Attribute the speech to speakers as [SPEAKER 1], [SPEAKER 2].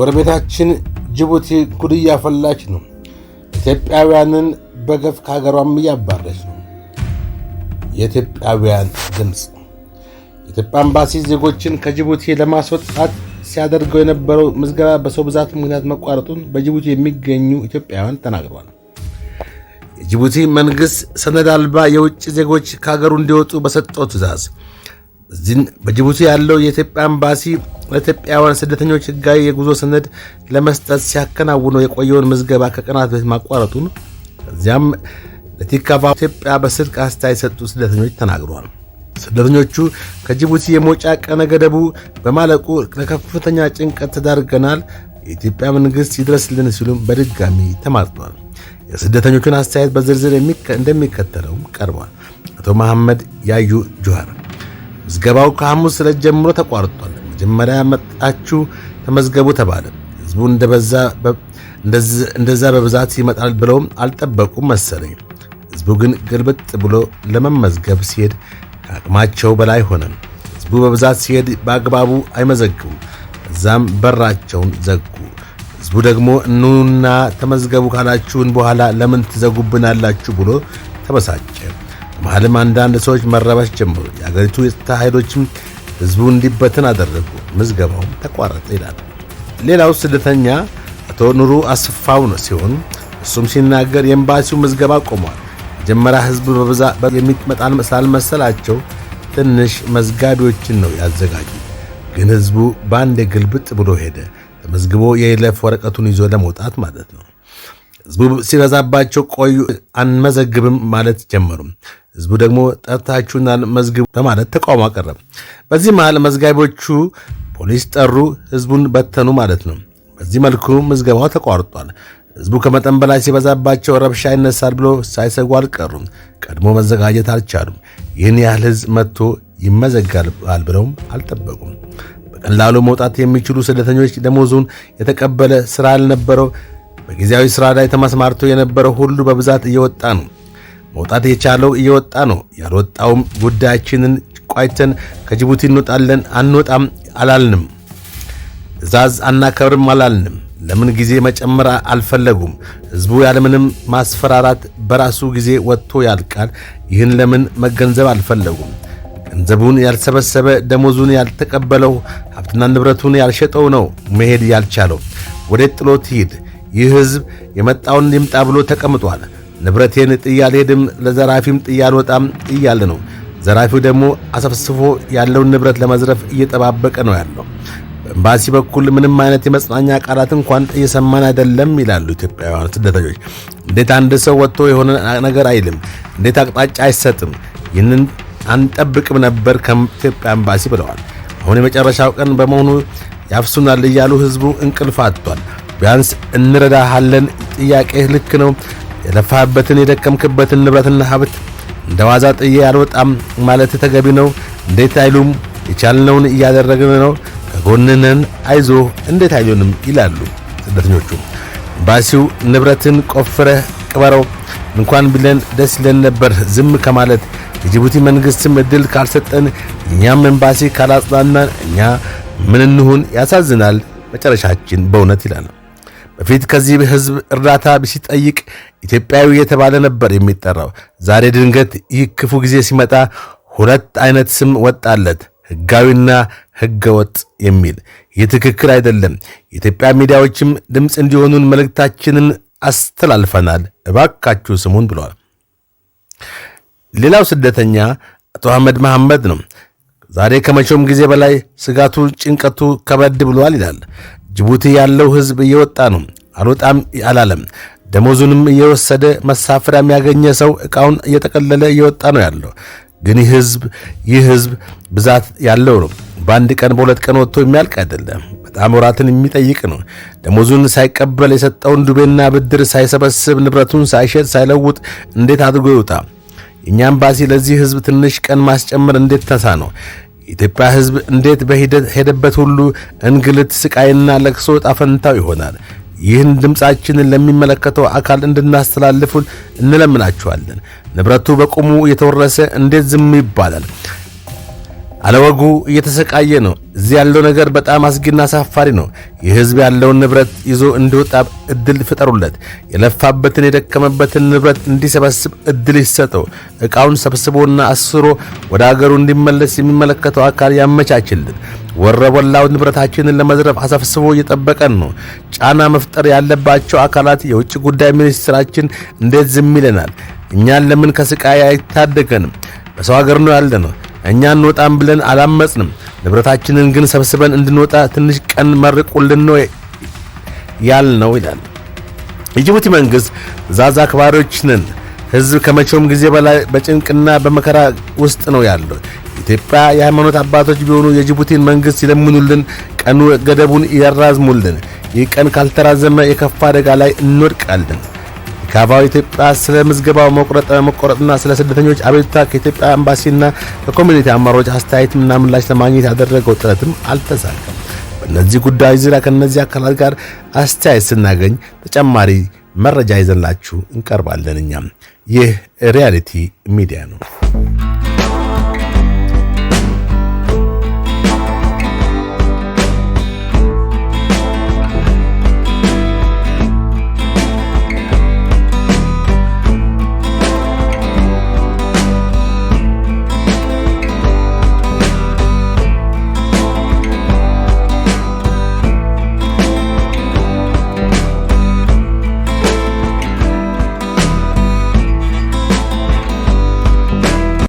[SPEAKER 1] ጎረቤታችን ጅቡቲ ጉድ እያፈላች ነው። ኢትዮጵያውያንን በገፍ ከሀገሯም እያባረች ነው። የኢትዮጵያውያን ድምፅ የኢትዮጵያ አምባሲ ዜጎችን ከጅቡቲ ለማስወጣት ሲያደርገው የነበረው ምዝገባ በሰው ብዛት ምክንያት መቋረጡን በጅቡቲ የሚገኙ ኢትዮጵያውያን ተናግረዋል። የጅቡቲ መንግስት ሰነድ አልባ የውጭ ዜጎች ከሀገሩ እንዲወጡ በሰጠው ትእዛዝ በጅቡቲ ያለው የኢትዮጵያ አምባሲ ለኢትዮጵያውያን ስደተኞች ህጋዊ የጉዞ ሰነድ ለመስጠት ሲያከናውነው የቆየውን ምዝገባ ከቀናት በፊት ማቋረጡን ከዚያም ለቲካቫ ኢትዮጵያ በስልክ አስተያየት የሰጡ ስደተኞች ተናግረዋል። ስደተኞቹ ከጅቡቲ የመውጫ ቀነ ገደቡ በማለቁ ለከፍተኛ ጭንቀት ተዳርገናል፣ የኢትዮጵያ መንግስት ይድረስልን ሲሉም በድጋሚ ተማጽኗል። የስደተኞቹን አስተያየት በዝርዝር እንደሚከተለውም ቀርቧል። አቶ መሐመድ ያዩ ጁሃር ምዝገባው ከሐሙስ ዕለት ጀምሮ ተቋርጧል። መጀመሪያ መጣችሁ ተመዝገቡ ተባለ። ህዝቡ እንደዛ በብዛት ይመጣል ብለውም አልጠበቁም መሰለኝ። ህዝቡ ግን ግልብጥ ብሎ ለመመዝገብ ሲሄድ ከአቅማቸው በላይ ሆነ። ህዝቡ በብዛት ሲሄድ በአግባቡ አይመዘግቡም። እዛም በራቸውን ዘጉ። ህዝቡ ደግሞ እኑና ተመዝገቡ ካላችሁን በኋላ ለምን ትዘጉብናላችሁ ብሎ ተበሳጨ። በመሃልም አንዳንድ ሰዎች መረበሽ ጀመሩ። የአገሪቱ የጸጥታ ኃይሎችም ህዝቡ እንዲበትን አደረጉ፣ ምዝገባውም ተቋረጠ ይላል። ሌላው ስደተኛ አቶ ኑሩ አስፋው ነው ሲሆን እሱም ሲናገር የኤምባሲው ምዝገባ ቆሟል። መጀመሪያ ህዝብ በብዛት የሚመጣን ስላልመሰላቸው ትንሽ መዝጋቢዎችን ነው ያዘጋጁ። ግን ህዝቡ በአንድ ግልብጥ ብሎ ሄደ፣ ተመዝግቦ የይለፍ ወረቀቱን ይዞ ለመውጣት ማለት ነው። ህዝቡ ሲበዛባቸው ቆዩ፣ አንመዘግብም ማለት ጀመሩም። ህዝቡ ደግሞ ጠርታችሁናን መዝግቡ በማለት ተቃውሞ አቀረብ። በዚህ መሃል መዝጋቢዎቹ ፖሊስ ጠሩ፣ ህዝቡን በተኑ ማለት ነው። በዚህ መልኩ ምዝገባው ተቋርጧል። ህዝቡ ከመጠን በላይ ሲበዛባቸው ረብሻ ይነሳል ብሎ ሳይሰጉ አልቀሩም። ቀድሞ መዘጋጀት አልቻሉም። ይህን ያህል ህዝብ መጥቶ ይመዘጋል ብለውም አልጠበቁም። በቀላሉ መውጣት የሚችሉ ስደተኞች ደሞዙን የተቀበለ ስራ አልነበረው። በጊዜያዊ ስራ ላይ ተመስማርቶ የነበረው ሁሉ በብዛት እየወጣ ነው። መውጣት የቻለው እየወጣ ነው። ያልወጣውም ጉዳያችንን ቋጭተን ከጅቡቲ እንወጣለን አንወጣም አላልንም። ትዕዛዝ አናከብርም አላልንም። ለምን ጊዜ መጨመር አልፈለጉም? ሕዝቡ ያለምንም ማስፈራራት በራሱ ጊዜ ወጥቶ ያልቃል። ይህን ለምን መገንዘብ አልፈለጉም? ገንዘቡን ያልሰበሰበ ደሞዙን ያልተቀበለው ሀብትና ንብረቱን ያልሸጠው ነው መሄድ ያልቻለው። ወዴት ጥሎት ይሂድ? ይህ ሕዝብ የመጣውን ይምጣ ብሎ ተቀምጧል። ንብረቴን ጥዬ አልሄድም፣ ለዘራፊም ጥዬ አልወጣም እያለ ነው። ዘራፊው ደግሞ አሰፍስፎ ያለውን ንብረት ለመዝረፍ እየጠባበቀ ነው ያለው። በኤምባሲ በኩል ምንም አይነት የመጽናኛ ቃላት እንኳን እየሰማን አይደለም ይላሉ ኢትዮጵያውያን ስደተኞች። እንዴት አንድ ሰው ወጥቶ የሆነ ነገር አይልም? እንዴት አቅጣጫ አይሰጥም? ይህንን አንጠብቅም ነበር ከኢትዮጵያ ኤምባሲ ብለዋል። አሁን የመጨረሻው ቀን በመሆኑ ያፍሱናል እያሉ ህዝቡ እንቅልፍ አጥቷል። ቢያንስ እንረዳሃለን፣ ጥያቄ ልክ ነው፣ የለፋህበትን የደቀምክበትን ንብረትና ሀብት እንደ ዋዛ ጥዬ አልወጣም ማለት ተገቢ ነው። እንዴት አይሉም? የቻልነውን እያደረግን ነው፣ ከጎንነን፣ አይዞ፣ እንዴት አይሉንም ይላሉ ስደተኞቹ። ባሲው ንብረትን ቆፍረህ ቅበረው እንኳን ቢለን ደስ ይለን ነበር ዝም ከማለት የጅቡቲ መንግስትም እድል ካልሰጠን እኛም ኤምባሲ ካላጽናናን እኛ ምን እንሁን? ያሳዝናል መጨረሻችን በእውነት ይላል። በፊት ከዚህ ህዝብ እርዳታ ሲጠይቅ ኢትዮጵያዊ የተባለ ነበር የሚጠራው። ዛሬ ድንገት ይህ ክፉ ጊዜ ሲመጣ ሁለት አይነት ስም ወጣለት፣ ህጋዊና ህገወጥ የሚል። ይህ ትክክል አይደለም። የኢትዮጵያ ሚዲያዎችም ድምፅ እንዲሆኑን መልእክታችንን አስተላልፈናል። እባካችሁ ስሙን ብለዋል። ሌላው ስደተኛ አቶ አህመድ መሐመድ ነው። ዛሬ ከመቼውም ጊዜ በላይ ስጋቱ፣ ጭንቀቱ ከበድ ብሏል ይላል። ጅቡቲ ያለው ህዝብ እየወጣ ነው፣ አልወጣም አላለም። ደሞዙንም እየወሰደ መሳፈሪያ የሚያገኘ ሰው እቃውን እየጠቀለለ እየወጣ ነው ያለው። ግን ይህ ህዝብ ይህ ህዝብ ብዛት ያለው ነው። በአንድ ቀን በሁለት ቀን ወጥቶ የሚያልቅ አይደለም። በጣም ወራትን የሚጠይቅ ነው። ደሞዙን ሳይቀበል የሰጠውን ዱቤና ብድር ሳይሰበስብ ንብረቱን ሳይሸጥ ሳይለውጥ እንዴት አድርጎ ይውጣ? የእኛ ኤምባሲ ለዚህ ህዝብ ትንሽ ቀን ማስጨመር እንዴት ተሳ ነው? የኢትዮጵያ ሕዝብ እንዴት በሂደት ሄደበት ሁሉ እንግልት፣ ስቃይና ለቅሶ ጣፈንታው ይሆናል። ይህን ድምፃችንን ለሚመለከተው አካል እንድናስተላልፉን እንለምናችኋለን። ንብረቱ በቁሙ የተወረሰ እንዴት ዝም ይባላል? አለወጉ እየተሰቃየ ነው። እዚህ ያለው ነገር በጣም አስጊና አሳፋሪ ነው። የህዝብ ያለውን ንብረት ይዞ እንዲወጣ እድል ፍጠሩለት። የለፋበትን የደከመበትን ንብረት እንዲሰበስብ እድል ይሰጠው። ዕቃውን ሰብስቦና አስሮ ወደ አገሩ እንዲመለስ የሚመለከተው አካል ያመቻችልን። ወረበላው ንብረታችንን ለመዝረፍ አሰፍስቦ እየጠበቀን ነው። ጫና መፍጠር ያለባቸው አካላት የውጭ ጉዳይ ሚኒስትራችን እንዴት ዝም ይለናል? እኛን ለምን ከስቃይ አይታደገንም? በሰው አገር ነው ያለ ነው። እኛ እንወጣም ብለን አላመጽንም። ንብረታችንን ግን ሰብስበን እንድንወጣ ትንሽ ቀን መርቁልን ነው ነው ይላል። የጅቡቲ መንግስት ዛዛ አክባሪዎች ነን። ህዝብ ከመቼውም ጊዜ በላይ በጭንቅና በመከራ ውስጥ ነው ያለው። ኢትዮጵያ የሃይማኖት አባቶች ቢሆኑ የጅቡቲን መንግስት ይለምኑልን፣ ቀኑ ገደቡን ያራዝሙልን። ይህ ቀን ካልተራዘመ የከፋ አደጋ ላይ እንወድቃለን። ካቫው ኢትዮጵያ ስለ ምዝገባው መቁረጥ መቆረጥና ስለ ስደተኞች አቤቱታ ከኢትዮጵያ ኤምባሲና ከኮሚኒቲ አመራሮች አስተያየትና ምላሽ ለማግኘት ያደረገው ጥረትም አልተሳካም። በእነዚህ ጉዳዮች ዙሪያ ከእነዚህ አካላት ጋር አስተያየት ስናገኝ ተጨማሪ መረጃ ይዘንላችሁ እንቀርባለን። እኛም ይህ ሪያሊቲ ሚዲያ ነው።